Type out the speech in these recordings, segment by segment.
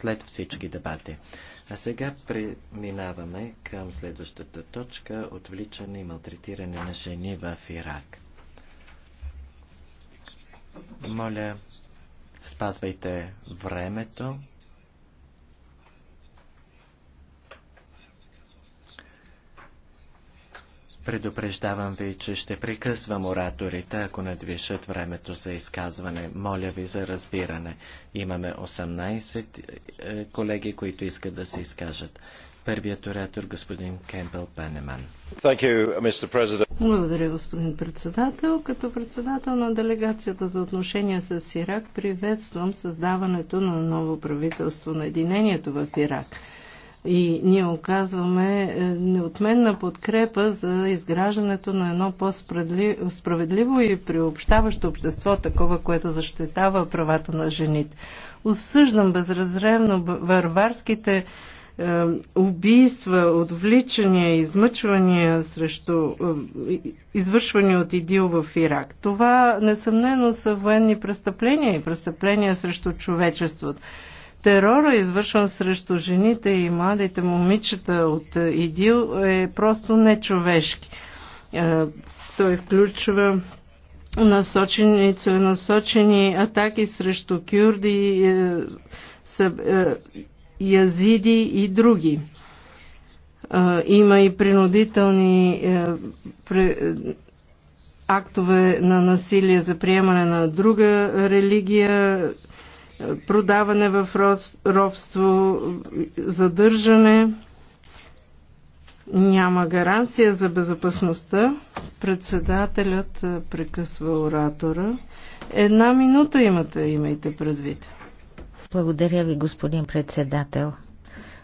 след всички дебати. А сега преминаваме към следващата точка – отвличане и малтретиране на жени в Ирак. Моля, спазвайте времето. Предупреждавам ви, че ще прекъсвам ораторите, ако надвишат времето за изказване. Моля ви за разбиране. Имаме 18 е, колеги, които искат да се изкажат. Първият оратор господин Кембъл Панеман. Благодаря, господин председател. Като председател на делегацията за отношения с Ирак приветствам създаването на ново правителство на единението в Ирак и ние оказваме е, неотменна подкрепа за изграждането на едно по-справедливо и приобщаващо общество, такова, което защитава правата на жените. Осъждам безразревно варварските е, убийства, отвличания, измъчвания срещу е, извършвани от ИДИЛ в Ирак. Това несъмнено са военни престъпления и престъпления срещу човечеството. Терора, извършван срещу жените и младите момичета от ИДИЛ, е просто нечовешки. Е, той включва насочени, целенасочени атаки срещу кюрди, е, е, язиди и други. Има и принудителни актове на насилие за приемане на друга религия, продаване в робство, задържане. Няма гаранция за безопасността. Председателят прекъсва оратора. Една минута имате, имайте предвид. Благодаря ви, господин председател.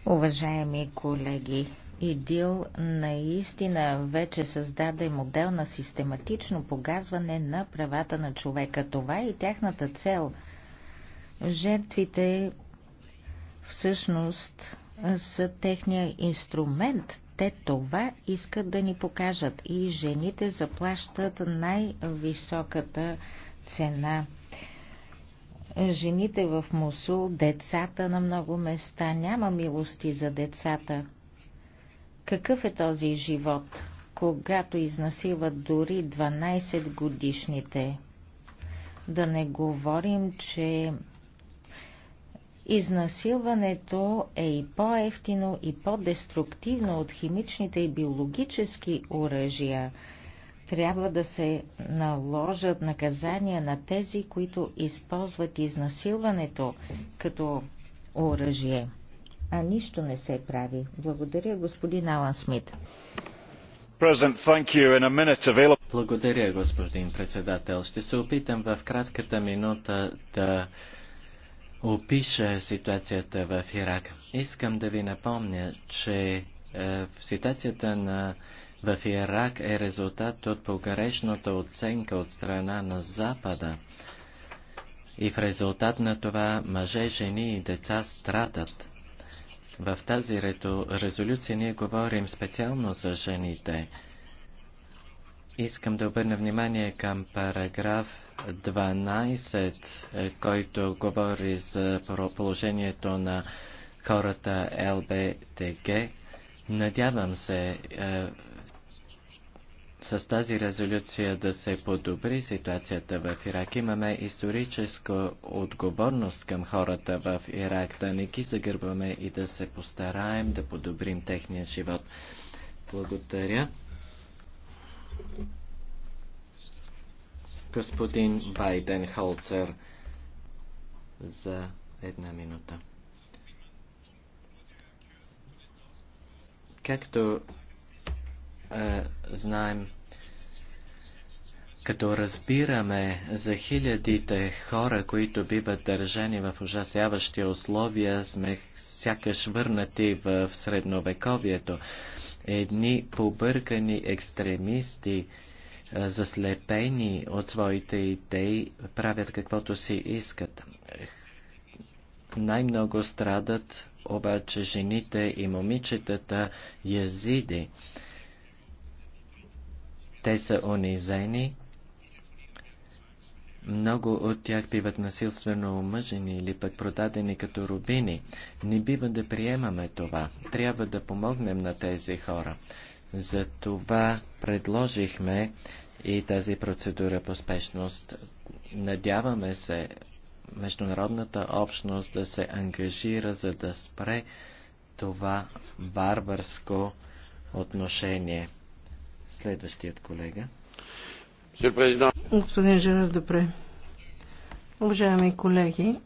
Уважаеми колеги, ИДИЛ наистина вече създаде модел на систематично погазване на правата на човека. Това е и тяхната цел – Жертвите всъщност са техния инструмент. Те това искат да ни покажат и жените заплащат най-високата цена. Жените в Мусул, децата на много места, няма милости за децата. Какъв е този живот, когато изнасилват дори 12 годишните? Да не говорим, че Изнасилването е и по-ефтино и по-деструктивно от химичните и биологически оръжия. Трябва да се наложат наказания на тези, които използват изнасилването като оръжие. А нищо не се прави. Благодаря, господин Алан Смит. Благодаря, господин председател. Ще се опитам в кратката минута да опиша ситуацията в Ирак. Искам да ви напомня, че е, ситуацията на, в Ирак е резултат от погрешната оценка от страна на Запада. И в резултат на това мъже, жени и деца страдат. В тази резолюция ние говорим специално за жените. Искам да обърна внимание към параграф 12, е, който говори за положението на хората ЛБТГ. Надявам се е, с тази резолюция да се подобри ситуацията в Ирак. Имаме историческа отговорност към хората в Ирак да не ги загърбваме и да се постараем да подобрим техния живот. Благодаря. Господин Байден Халцер, за една минута. Както е, знаем, като разбираме за хилядите хора, които биват държани в ужасяващи условия, сме сякаш върнати в средновековието едни побъркани екстремисти, заслепени от своите идеи, правят каквото си искат. Най-много страдат обаче жените и момичетата язиди. Те са унизени много от тях биват насилствено омъжени или пък продадени като рубини. Не бива да приемаме това. Трябва да помогнем на тези хора. За това предложихме и тази процедура по спешност. Надяваме се международната общност да се ангажира, за да спре това варварско отношение. Следващият колега. Господин Жеров, добре. Уважаеми колеги,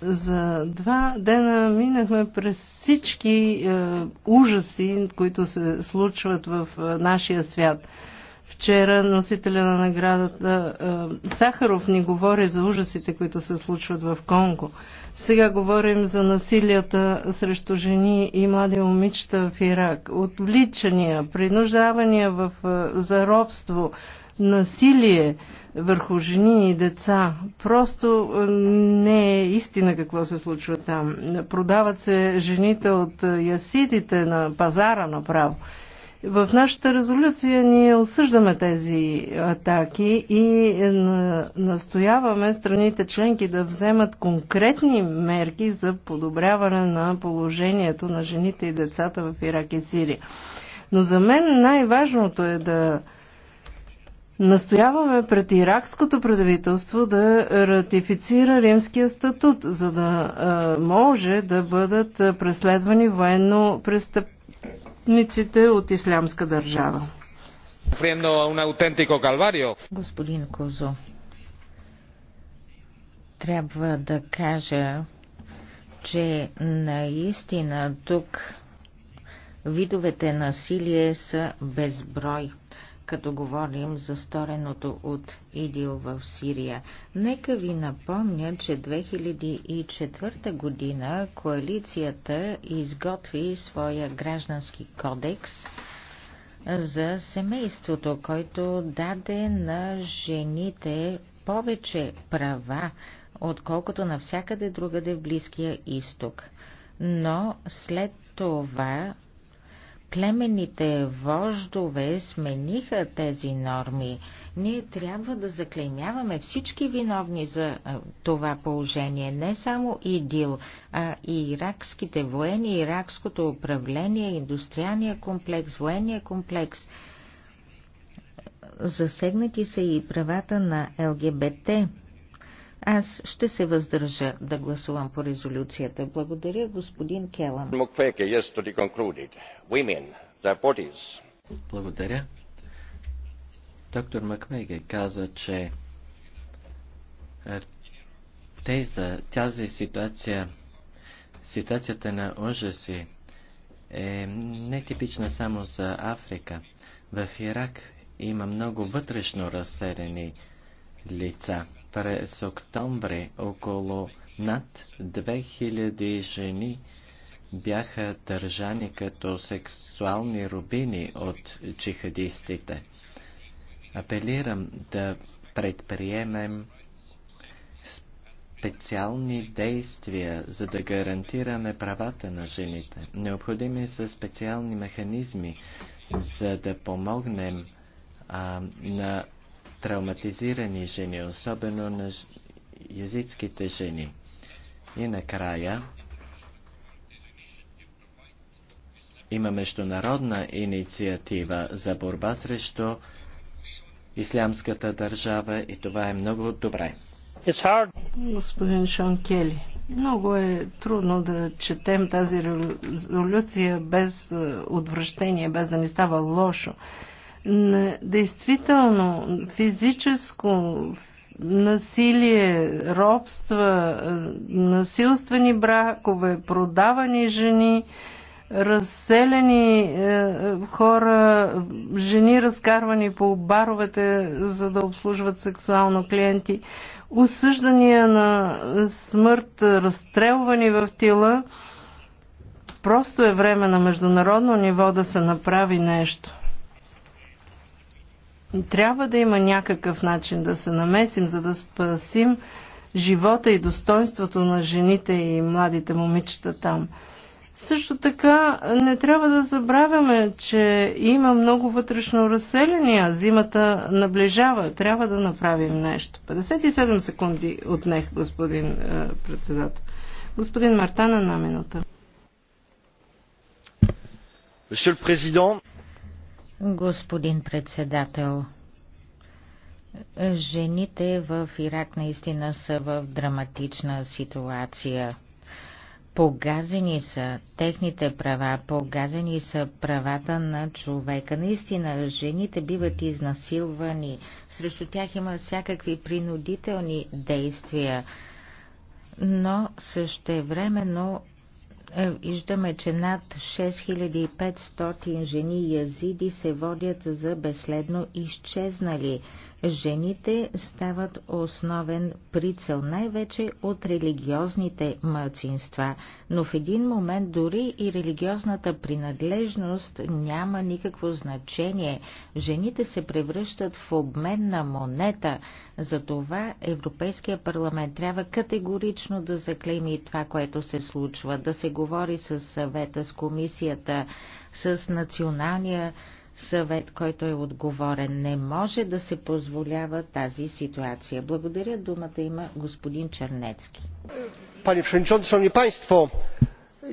за два дена минахме през всички е, ужаси, които се случват в е, нашия свят. Вчера носителя на наградата Сахаров ни говори за ужасите, които се случват в Конго. Сега говорим за насилията срещу жени и млади момичета в Ирак. Отвличания, принуждавания в, заробство, насилие върху жени и деца. Просто не е истина какво се случва там. Продават се жените от ясидите на пазара направо. В нашата резолюция ние осъждаме тези атаки и настояваме страните членки да вземат конкретни мерки за подобряване на положението на жените и децата в Ирак и Сирия. Но за мен най-важното е да Настояваме пред иракското правителство да ратифицира римския статут, за да може да бъдат преследвани военно престъп престъпниците от Ислямска държава. Господин Козо, трябва да кажа, че наистина тук видовете насилие са безброй като говорим за стореното от ИДИЛ в Сирия. Нека ви напомня, че 2004 година коалицията изготви своя граждански кодекс за семейството, който даде на жените повече права, отколкото навсякъде другаде в Близкия изток. Но след това Племените вождове смениха тези норми. Ние трябва да заклеймяваме всички виновни за това положение, не само ИДИЛ, а и иракските воени, иракското управление, индустриалния комплекс, военния комплекс. Засегнати са и правата на ЛГБТ аз ще се въздържа да гласувам по резолюцията. Благодаря, господин Келан. Благодаря. Доктор Макмеге каза, че е, теза, тази ситуация, ситуацията на ужаси е нетипична само за Африка. В Ирак има много вътрешно разселени лица. През октомври около над 2000 жени бяха държани като сексуални рубини от джихадистите. Апелирам да предприемем специални действия, за да гарантираме правата на жените. Необходими са специални механизми, за да помогнем а, на травматизирани жени, особено на язитските жени. И накрая има международна инициатива за борба срещу ислямската държава и това е много добре. Господин Шон Кели, много е трудно да четем тази резолюция без е, отвращение, без да ни става лошо действително физическо насилие, робства, насилствени бракове, продавани жени, разселени е, хора, жени разкарвани по баровете, за да обслужват сексуално клиенти, осъждания на смърт, разстрелвани в тила. Просто е време на международно ниво да се направи нещо. Трябва да има някакъв начин да се намесим, за да спасим живота и достоинството на жените и младите момичета там. Също така не трябва да забравяме, че има много вътрешно разселение. Зимата наближава. Трябва да направим нещо. 57 секунди отнех, господин е, председател. Господин Мартана, на минута. Monsieur le Président, Господин председател, жените в Ирак наистина са в драматична ситуация. Погазени са техните права, погазени са правата на човека. Наистина, жените биват изнасилвани, срещу тях има всякакви принудителни действия, но времено е, виждаме, че над 6500 жени язиди се водят за безследно изчезнали жените стават основен прицел, най-вече от религиозните мълцинства, но в един момент дори и религиозната принадлежност няма никакво значение. Жените се превръщат в обменна монета. Затова Европейския парламент трябва категорично да заклейми това, което се случва, да се говори с съвета, с комисията, с националния съвет, който е отговорен. Не може да се позволява тази ситуация. Благодаря. Думата има господин Чернецки. Пане Przewodniczący, Шановни Państwo,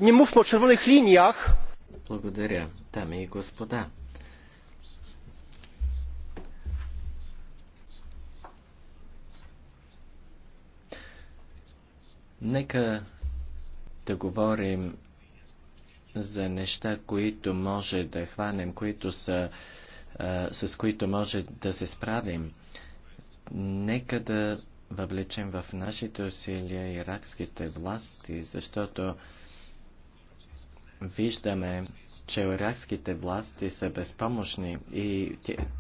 не мówmy о червоних линиях. Благодаря, дами и господа. Нека да говорим за неща, които може да хванем, които са, а, с които може да се справим. Нека да въвлечем в нашите усилия иракските власти, защото виждаме, че иракските власти са безпомощни и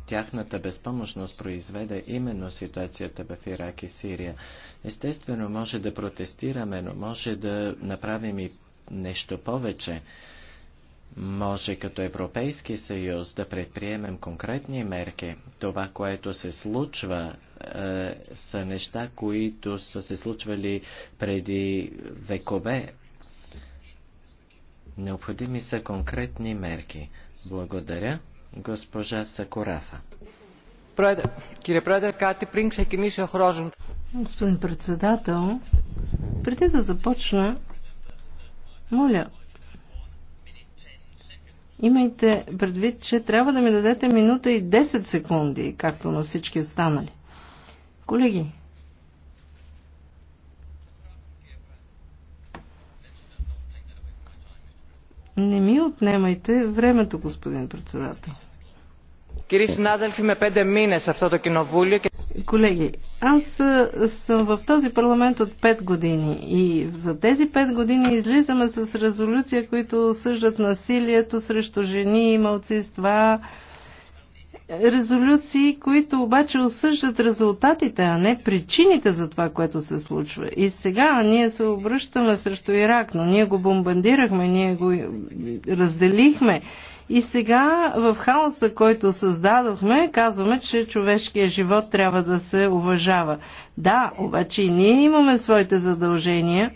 тяхната безпомощност произведе именно ситуацията в Ирак и Сирия. Естествено, може да протестираме, но може да направим и нещо повече. Може като Европейски съюз да предприемем конкретни мерки. Това, което се случва, е, са неща, които са се случвали преди векове. Необходими са конкретни мерки. Благодаря, госпожа Сакурафа. Е Господин председател, преди да започна, моля, имайте предвид, че трябва да ми дадете минута и 10 секунди, както на всички останали. Колеги, Не ми отнемайте времето, господин председател. Кирис συνάδελφοι, με πέντε мине αυτό το κοινοβούλιο... Колеги, аз съм в този парламент от 5 години и за тези 5 години излизаме с резолюция, които осъждат насилието срещу жени и малцинства. Резолюции, които обаче осъждат резултатите, а не причините за това, което се случва. И сега ние се обръщаме срещу Ирак, но ние го бомбандирахме, ние го разделихме и сега в хаоса, който създадохме, казваме, че човешкият живот трябва да се уважава. Да, обаче и ние имаме своите задължения.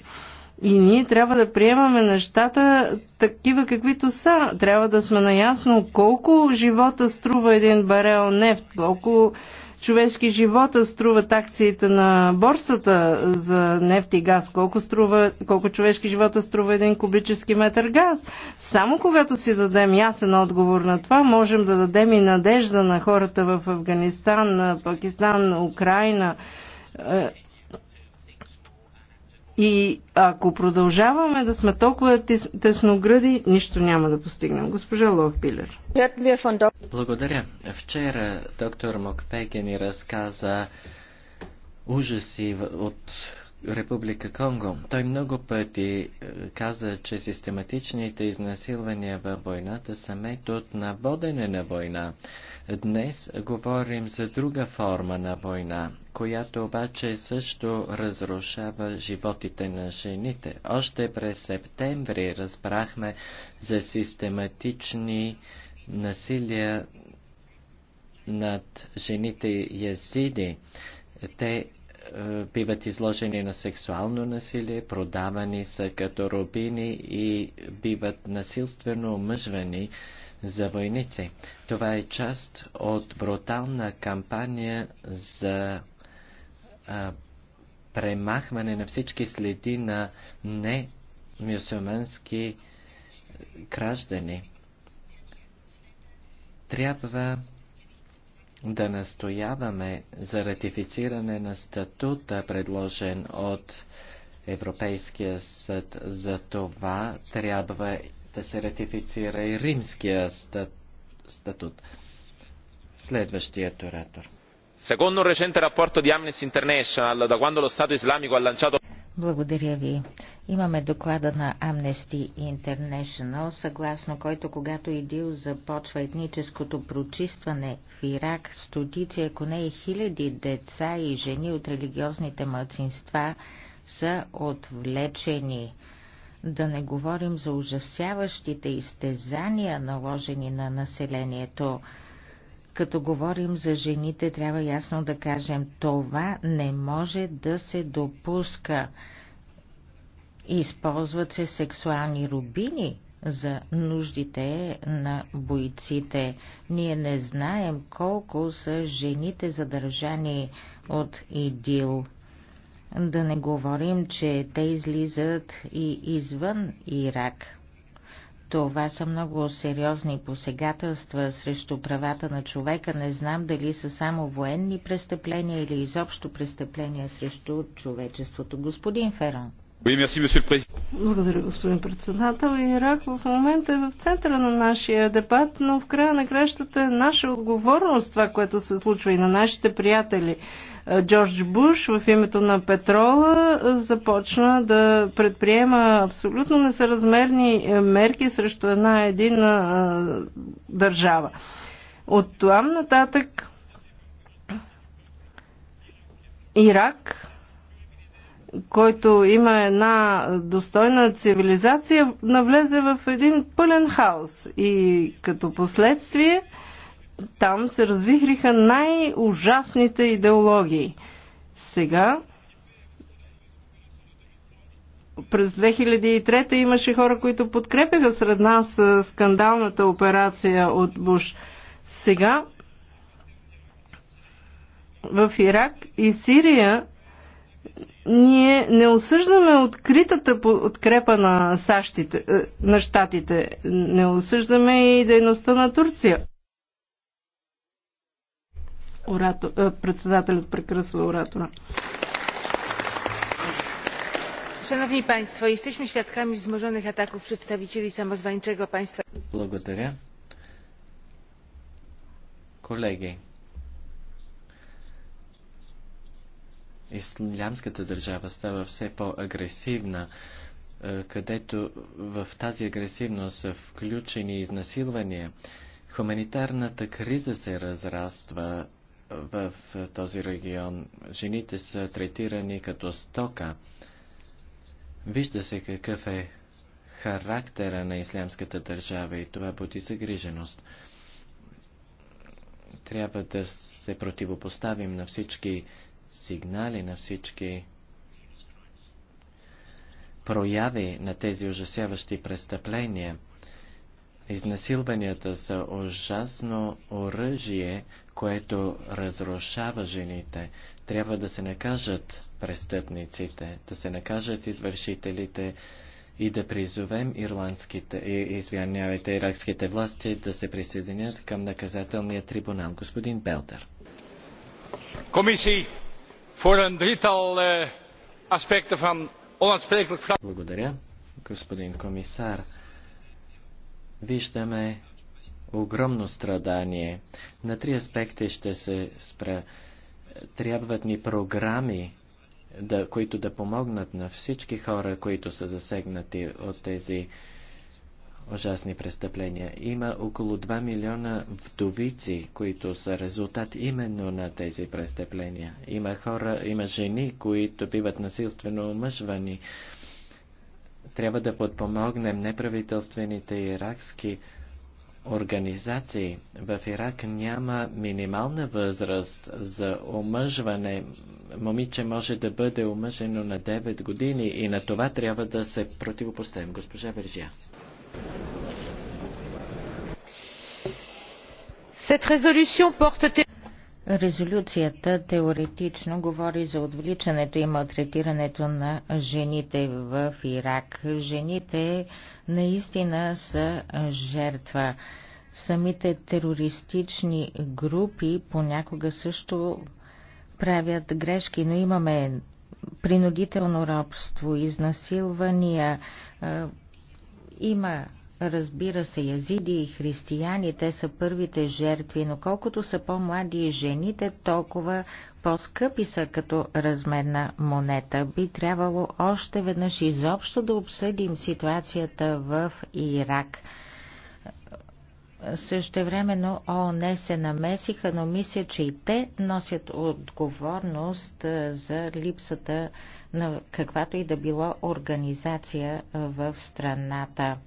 И ние трябва да приемаме нещата такива каквито са. Трябва да сме наясно колко живота струва един барел нефт, колко човешки живота струват акциите на борсата за нефт и газ, колко, струва, колко човешки живота струва един кубически метър газ. Само когато си дадем ясен отговор на това, можем да дадем и надежда на хората в Афганистан, на Пакистан, на Украина е, и ако продължаваме да сме толкова тес, тесногради, нищо няма да постигнем. Госпожа Лохбилер. Благодаря. Вчера доктор Мокпеге ни разказа ужаси от Република Конго. Той много пъти е, каза, че систематичните изнасилвания във войната са метод на водене на война. Днес говорим за друга форма на война, която обаче също разрушава животите на жените. Още през септември разбрахме за систематични насилия над жените язиди. Те е, биват изложени на сексуално насилие, продавани са като рубини и биват насилствено омъжвани за войници. Това е част от брутална кампания за а, премахване на всички следи на не мюсюлмански граждани. Трябва да настояваме за ратифициране на статута, предложен от Европейския съд. За това трябва да се ратифицира и римския статут. Следващият оратор. Секундно un рапорто rapporto Amnesty International, да когато ло Стато Исламико ha lanciato... Благодаря ви. Имаме доклада на Amnesty International, съгласно който когато ИДИЛ започва етническото прочистване в Ирак, стотици, ако не и хиляди деца и жени от религиозните младсинства са отвлечени. Да не говорим за ужасяващите изтезания, наложени на населението. Като говорим за жените, трябва ясно да кажем, това не може да се допуска. Използват се сексуални рубини за нуждите на бойците. Ние не знаем колко са жените задържани от ИДИЛ. Да не говорим, че те излизат и извън Ирак. Това са много сериозни посегателства срещу правата на човека. Не знам дали са само военни престъпления или изобщо престъпления срещу човечеството. Господин Ферон. Благодаря, господин председател. Ирак в момента е в центъра на нашия дебат, но в края на кращата е наша отговорност това, което се случва и на нашите приятели. Джордж Буш в името на петрола започна да предприема абсолютно несъразмерни мерки срещу една единна държава. От това нататък Ирак който има една достойна цивилизация, навлезе в един пълен хаос. И като последствие там се развихриха най-ужасните идеологии. Сега през 2003 имаше хора, които подкрепяха сред нас скандалната операция от Буш. Сега в Ирак и Сирия ние не осъждаме откритата подкрепа на, САЩите, е, на щатите, не осъждаме и дейността на Турция. Орато, е, председателят прекрасва оратора. Szanowni Państwo, jesteśmy świadkami wzmożonych ataków przedstawicieli samozwańczego państwa. Благодаря. Колеги, ислямската държава става все по-агресивна, е, където в тази агресивност са включени изнасилвания. Хуманитарната криза се разраства в този регион. Жените са третирани като стока. Вижда се какъв е характера на ислямската държава и това буди загриженост. Трябва да се противопоставим на всички сигнали, на всички прояви на тези ужасяващи престъпления. Изнасилванията са ужасно оръжие, което разрушава жените. Трябва да се накажат престъпниците, да се накажат извършителите и да призовем ирландските, извинявайте, иракските власти да се присъединят към наказателния трибунал. Господин Белдер. Комисии! voor een drietal eh, aspecten van onuitsprekelijk Благодаря, господин комисар. Виждаме огромно страдание. На три аспекти ще се спра. Трябват ни програми, да, които да помогнат на всички хора, които са засегнати от тези ужасни престъпления. Има около 2 милиона вдовици, които са резултат именно на тези престъпления. Има хора, има жени, които биват насилствено омъжвани. Трябва да подпомогнем неправителствените иракски организации. В Ирак няма минимална възраст за омъжване. Момиче може да бъде омъжено на 9 години и на това трябва да се противопоставим. Госпожа Бержия. Резолюцията теоретично говори за отвличането и малтретирането на жените в Ирак. Жените наистина са жертва. Самите терористични групи понякога също правят грешки, но имаме принудително робство, изнасилвания, има Разбира се, язиди и християни, те са първите жертви, но колкото са по-млади жените, толкова по-скъпи са като разменна монета. Би трябвало още веднъж изобщо да обсъдим ситуацията в Ирак. Същевременно ООН се намесиха, но мисля, че и те носят отговорност за липсата на каквато и да било организация в страната.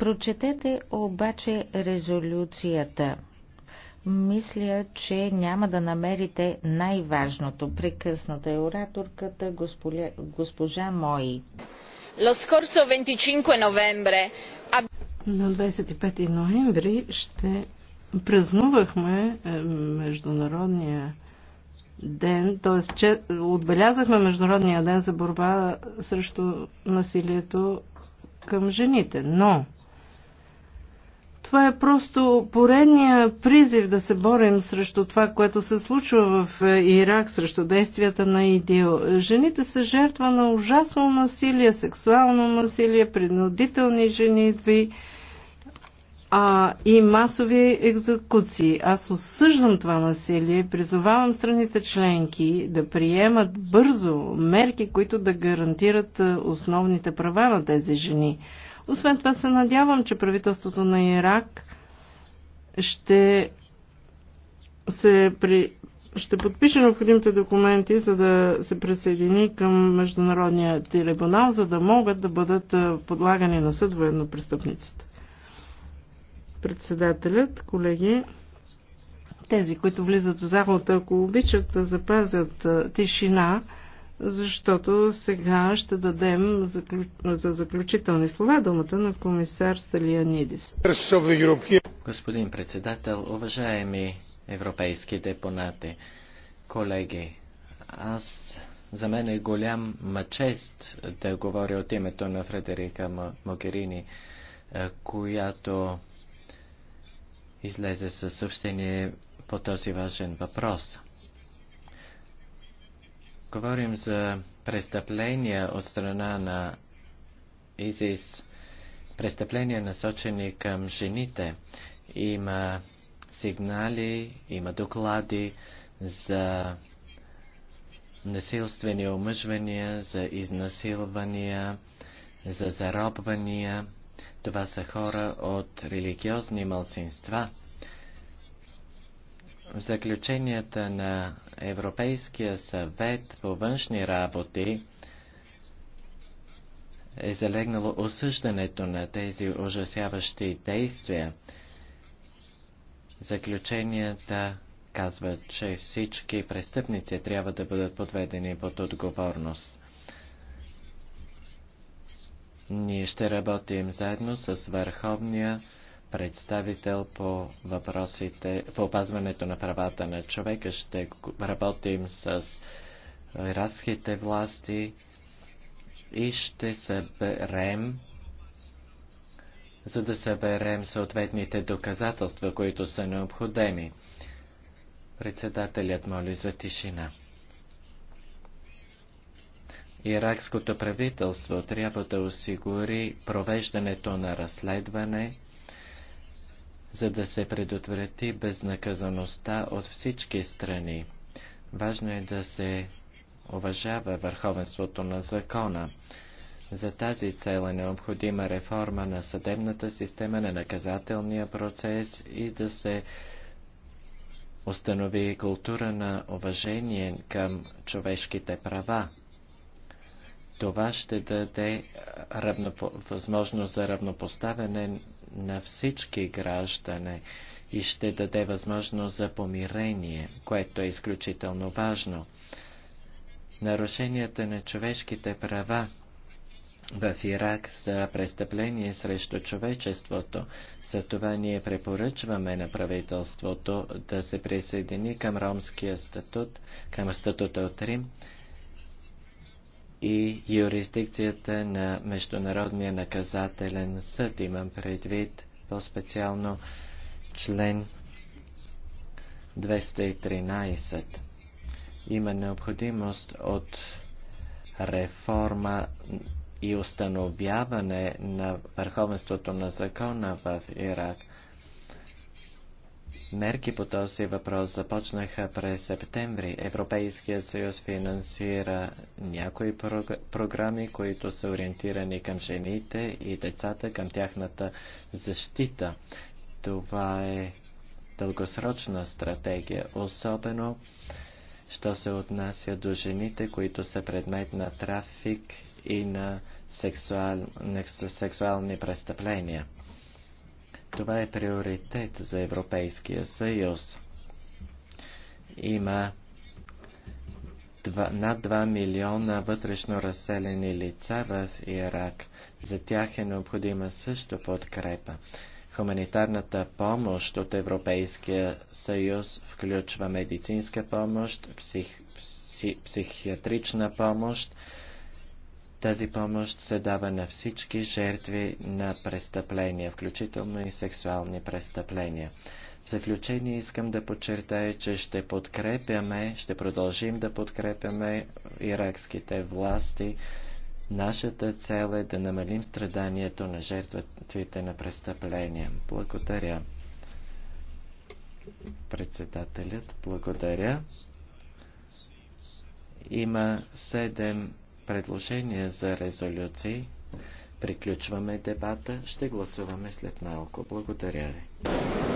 Прочетете обаче резолюцията. Мисля, че няма да намерите най-важното. Прекъсната е ораторката госпожа, госпожа Мои. Lo scorso 25 novembre на 25 ноември ще празнувахме е, Международния ден, т.е. отбелязахме Международния ден за борба срещу насилието към жените. Но това е просто поредния призив да се борим срещу това, което се случва в е, Ирак, срещу действията на идио. Жените са жертва на ужасно насилие, сексуално насилие, принудителни женитви а, и масови екзекуции. Аз осъждам това насилие и призовавам страните членки да приемат бързо мерки, които да гарантират е, основните права на тези жени. Освен това се надявам, че правителството на Ирак ще се при... ще подпише необходимите документи, за да се присъедини към Международния трибунал, за да могат да бъдат подлагани на съд военнопрестъпниците. Председателят, колеги, тези, които влизат в залата, ако обичат да запазят тишина, защото сега ще дадем за заключителни слова думата на комисар Салианидис. Господин председател, уважаеми европейски депонати, колеги, аз за мен е голям чест да говоря от името на Фредерика Могерини, е, която излезе със съобщение по този важен въпрос – говорим за престъпления от страна на ИЗИС, престъпления насочени към жените, има сигнали, има доклади за насилствени омъжвания, за изнасилвания, за заробвания. Това са хора от религиозни мълцинства. В заключенията на Европейския съвет по външни работи е залегнало осъждането на тези ужасяващи действия. Заключенията казват, че всички престъпници трябва да бъдат подведени под отговорност. Ние ще работим заедно с Върховния представител по въпросите, по опазването на правата на човека. Ще работим с иракските власти и ще съберем за да съберем съответните доказателства, които са необходими. Председателят моли за тишина. Иракското правителство трябва да осигури провеждането на разследване за да се предотврати безнаказаността от всички страни. Важно е да се уважава върховенството на закона. За тази цел е необходима реформа на съдебната система, на наказателния процес и да се установи култура на уважение към човешките права. Това ще даде е, равнопо... възможност за равнопоставяне на всички граждане и ще даде възможност за помирение, което е изключително важно. Нарушенията на човешките права в Ирак са престъпление срещу човечеството. За това ние препоръчваме на правителството да се присъедини към ромския статут, към статута от Рим и юрисдикцията на Международния наказателен съд. Имам предвид по-специално член 213. Има необходимост от реформа и установяване на върховенството на закона в Ирак. Мерки по този въпрос започнаха през септември. Европейският съюз финансира някои програми, които са ориентирани към жените и децата, към тяхната защита. Това е дългосрочна стратегия, особено що се отнася до жените, които са предмет на трафик и на сексуал... сексуални престъпления. Това е приоритет за Европейския съюз. Има над 2 милиона вътрешно разселени лица в Ирак. За тях е необходима също подкрепа. Хуманитарната помощ от Европейския съюз включва медицинска помощ, псих, пси, психиатрична помощ, тази помощ се дава на всички жертви на престъпления, включително и сексуални престъпления. В заключение искам да подчертая, че ще подкрепяме, ще продължим да подкрепяме иракските власти. Нашата цел е да намалим страданието на жертвите на престъпления. Благодаря. Председателят, благодаря. Има седем предложения за резолюции. Приключваме дебата. Ще гласуваме след малко. Благодаря ви.